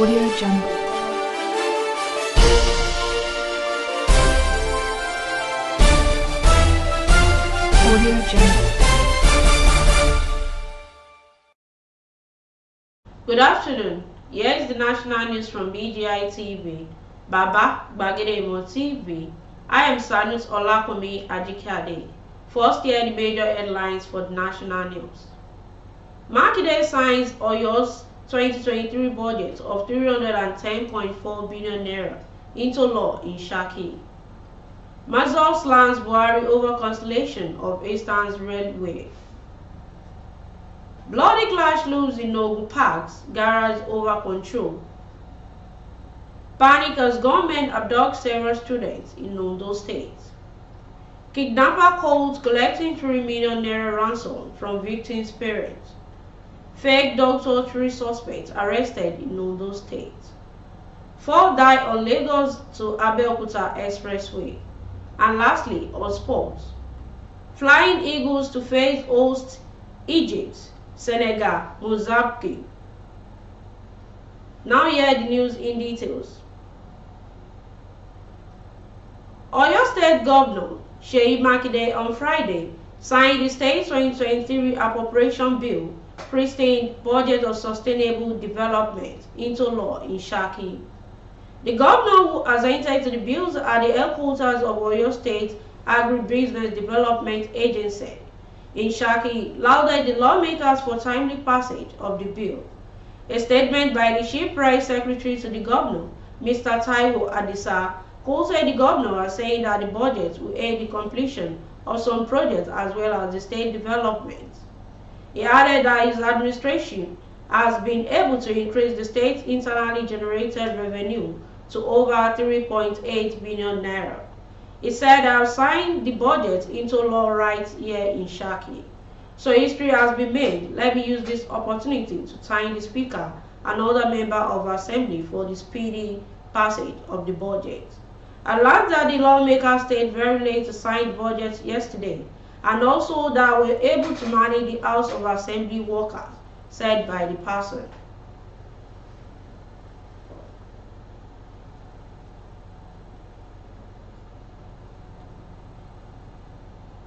Audio Jungle. Audio Jungle. Good afternoon. Here is the national news from BGI TV. Baba Bagedemo TV. I am Sanus Olakomi Ajikade. First year the major headlines for the national news. Makide signs Oyo's 2023 budget of 310.4 billion naira into law in Shaki. Mazal slams Buhari over cancellation of Eastern's railway. Bloody clash looms in Nogu Parks, garage over control. Panic as government abducts several students in Ondo State. Kidnapper calls collecting 3 million naira ransom from victims' parents. Fake doctor, three suspects arrested in Ondo State. Four died on Lagos to Abeokuta Expressway. And lastly, on sports. Flying Eagles to face host Egypt, Senegal, Mozambique. Now hear the news in details. Oyo State Governor Sheyi Makinde on Friday signed the state 2023 appropriation bill Pristine Budget of Sustainable Development into law in Shaki. The governor has entered the bills at the headquarters of Oyo State Agribusiness Development Agency in Shaki lauded the lawmakers for timely passage of the bill. A statement by the chief Price secretary to the governor, Mr. Taiwo Adisa, quoted the governor as saying that the budget will aid the completion of some projects as well as the state development. He added that his administration has been able to increase the state's internally generated revenue to over 3.8 billion naira. He said, I've signed the budget into law right here in Shaki. So history has been made. Let me use this opportunity to thank the Speaker and other member of Assembly for the speedy passage of the budget. I learned that the lawmaker stayed very late to sign the budget yesterday and also that we're able to manage the House of Assembly workers, said by the person.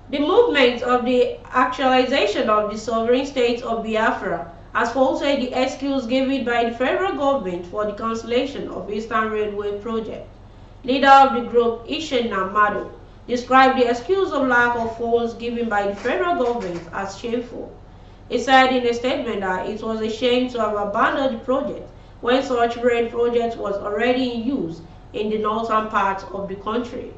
The movement of the actualization of the sovereign state of Biafra has faltered the excuse given by the federal government for the cancellation of Eastern Railway project. Leader of the group, Ishen Namado, described the excuse of lack of funds given by the federal government as shameful. He said in a statement that it was a shame to have abandoned the project when such rail project was already in use in the northern part of the country.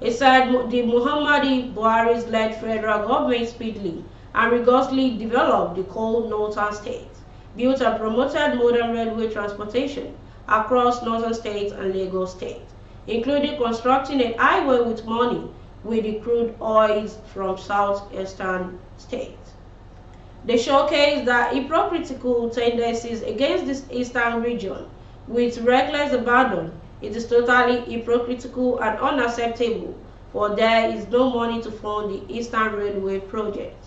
He said the Muhammadi Buhari's led federal government speedily and rigorously developed the cold northern states, built and promoted modern railway transportation across northern states and Lagos state including constructing a highway with money with the crude oils from southeastern states. They showcase the hypocritical tendencies against this eastern region with reckless abandon. It is totally hypocritical and unacceptable, for there is no money to fund the Eastern Railway project.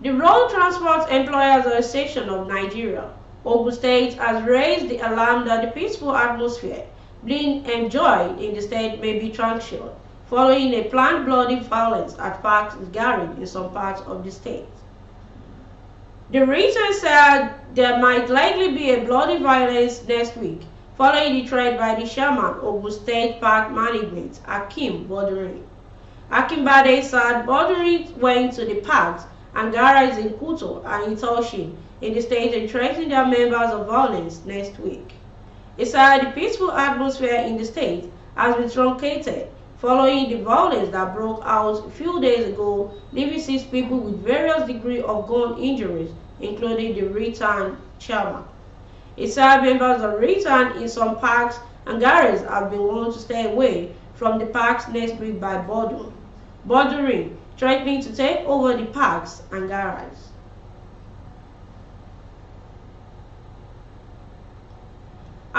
The Road Transport Employers Association of Nigeria Ogun State has raised the alarm that the peaceful atmosphere being enjoyed in the state may be tranquil, following a planned bloody violence at Parks Garage in some parts of the state. The region said there might likely be a bloody violence next week following the threat by the chairman of State Park Management, Akim Boduri. Akim Bade said Boduri went to the parks and garages in Kuto and Itoshin in the state and their members of violence next week. It's the peaceful atmosphere in the state has been truncated following the violence that broke out a few days ago, leaving six people with various degrees of gun injuries, including the return chairman. It members of return in some parks and garages have been warned to stay away from the parks next week by Bordeaux, bordering, threatening to take over the parks and garages.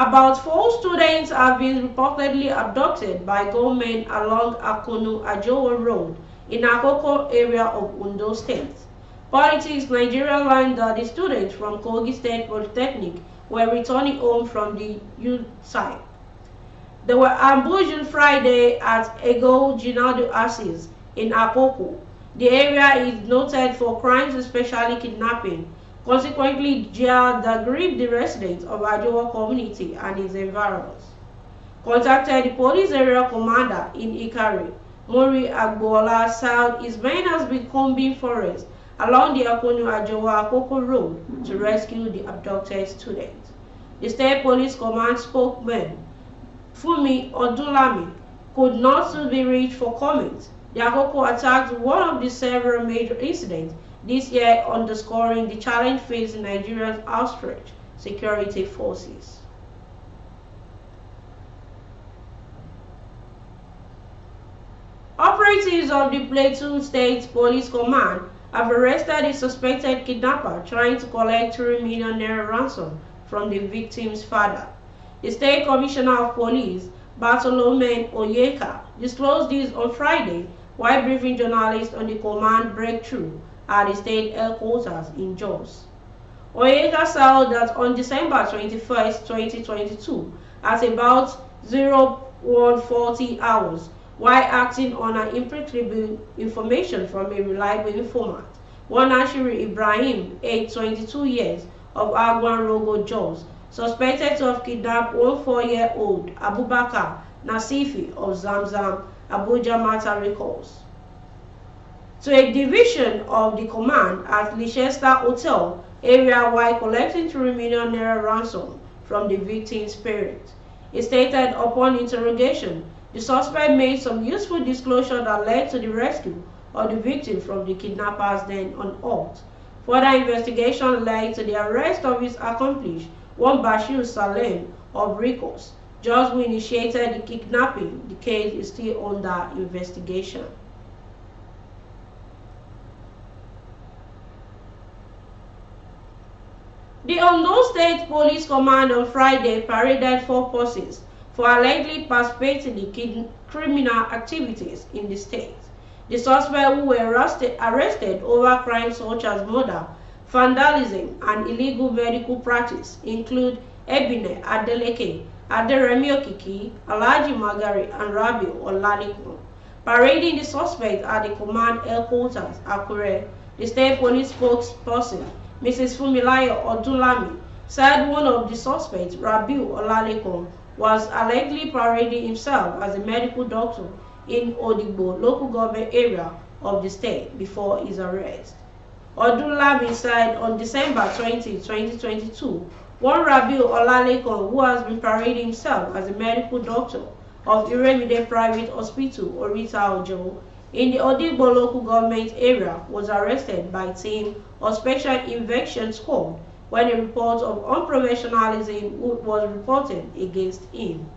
About four students have been reportedly abducted by gunmen along Akono Ajowo Road in Akoko area of Ondo State. Politics Nigeria learned that the students from Kogi State Polytechnic were returning home from the youth site. They were ambushed on Friday at Ego Ginaldo Assis in Akoko. The area is noted for crimes, especially kidnapping. consequently they aggrieved the residents of Ajowo community and its environs. Contacted the police area commander in Ikare, Mori Agboola South, his men has been combing forest along the Akonu Ajowa Akoko Road to rescue the abducted student. The state police command spokesman Fumi Odulami could not soon be reached for comment Yahoko attacked one of the several major incidents this year underscoring the challenge facing Nigeria's outstretched security forces. Operatives of the Plateau State Police Command have arrested a suspected kidnapper trying to collect 3 million naira ransom from the victim's father. The State Commissioner of Police, Bartolome Oyeka, disclosed this on Friday while briefing journalists on the command breakthrough at the state headquarters in Jos. Oyega said that on December 21, 2022, at about 0140 hours, while acting on an impeccable information from a reliable informant, one Ashiri Ibrahim, aged 22 years, of Agwan Rogo Jos, suspected to have kidnapped one four-year-old Abubakar Nasifi of Zamzam Abuja matter recalls, to a division of the command at Leicester Hotel area while collecting 3 million naira ransom from the victim's parents. It stated upon interrogation, the suspect made some useful disclosure that led to the rescue of the victim from the kidnappers then on halt. Further investigation led to the arrest of his accomplice, one Bashir Salem of Ricos, just who initiated the kidnapping, the case is still under investigation. The Ondo State Police Command on Friday paraded four persons for allegedly participating in criminal activities in the state. The suspects who were arrested, arrested over crimes such as murder, vandalism, and illegal medical practice include Ebine Adeleke, Aderemi Okiki, Alaji Magari, and Rabi Oladipo. Parading the suspects at the command headquarters, Akure, the state police spokesperson, Mrs. Fumilayo Odulami, said one of the suspects, Rabiu Olalekan, was allegedly parading himself as a medical doctor in Odigbo local government area of the state before his arrest. Odulami said on December 20, 2022, One Rabiu Olalekan, who has been parading himself as a medical doctor of the Private Hospital, Orita Ojo, in the Odigbo local government area, was arrested by team of Special Infection Squad when a report of unprofessionalism was reported against him.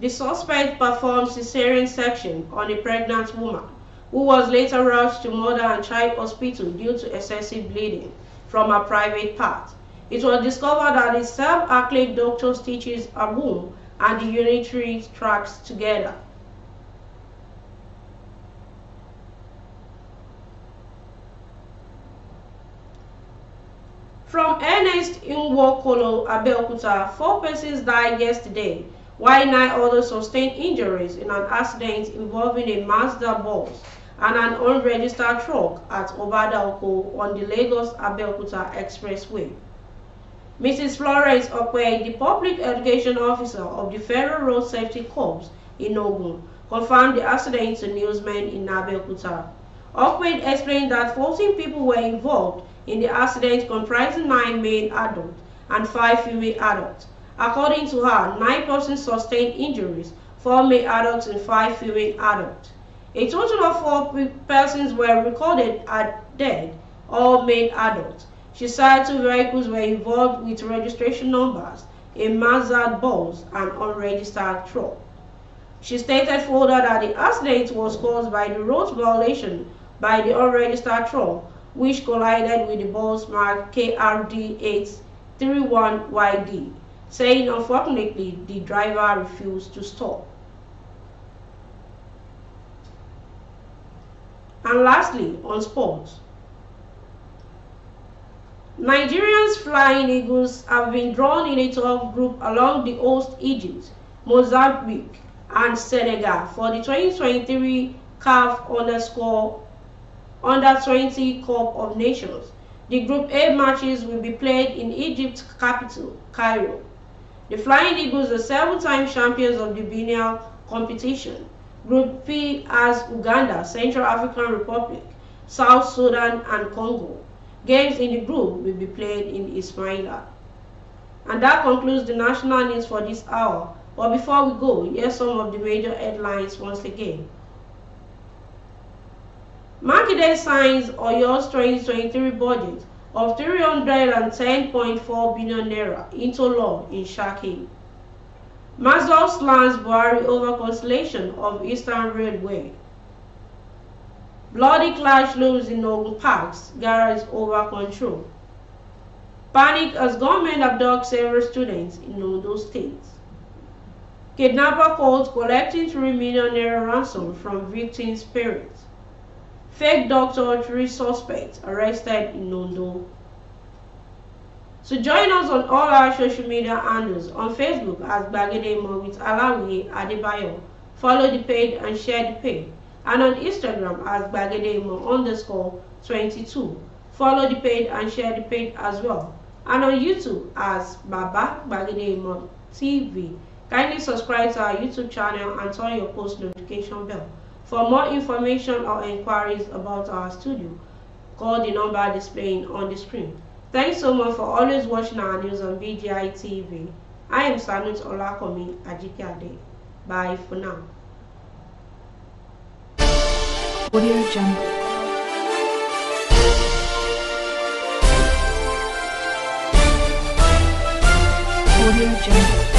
The suspect performed cesarean section on a pregnant woman who was later rushed to Mother and Child Hospital due to excessive bleeding from her private part. It was discovered that the sub acclaimed doctor stitches a womb and the unitary tracts together. From Ernest Nwokolo Abeokuta, four persons died yesterday, while nine others sustained injuries in an accident involving a Mazda bus and an unregistered truck at Obadaoko on the Lagos-Abeokuta Expressway. Mrs. Florence Okwe, the public education officer of the Federal Road Safety Corps in Ogun, confirmed the accident to newsmen in Abeokuta. Okwe explained that 14 people were involved in the accident comprising 9 male adults and 5 female adults. According to her, 9 persons sustained injuries, 4 male adults and 5 female adults. A total of 4 persons were recorded as dead, all male adults. Societal vehicles were involved with registration numbers, a Mazda bus, and unregistered truck. She stated further that the accident was caused by the road violation by the unregistered truck, which collided with the bus marked KRD831YD, saying unfortunately the driver refused to stop. And lastly, on sports. Nigeria's flying eagles have been drawn in a 12 group along the host Egypt, Mozambique, and Senegal for the 2023 CAF underscore under 20 Cup of Nations. The Group A matches will be played in Egypt's capital, Cairo. The Flying Eagles are seven-time champions of the biennial competition. Group B has Uganda, Central African Republic, South Sudan, and Congo. Games in the group will be played in Ismaila. And that concludes the national news for this hour. But before we go, here's some of the major headlines once again. Makide signs Oyo's 2023 budget of 310.4 billion naira into law in Shaki. Mazov slams Buhari over constellation of Eastern Railway. Bloody clash looms in Noble Parks. Gara is over control. Panic as government abducts several students in Ondo State. Kidnapper calls collecting 3 million naira ransom from victim's parents. Fake doctor, three suspects arrested in Ondo. So join us on all our social media handles on Facebook as Mo with Alawi Adebayo. Follow the page and share the page. and on Instagram as Gbagedemo underscore 22. Follow the page and share the page as well. And on YouTube as Baba Gbagedemo TV. Kindly subscribe to our YouTube channel and turn your post notification bell. For more information or inquiries about our studio, call the number displaying on the screen. Thanks so much for always watching our news on BGI TV. I am Sanut Olakomi Ajikade. Bye for now. Audio Jungle. Audio Jungle.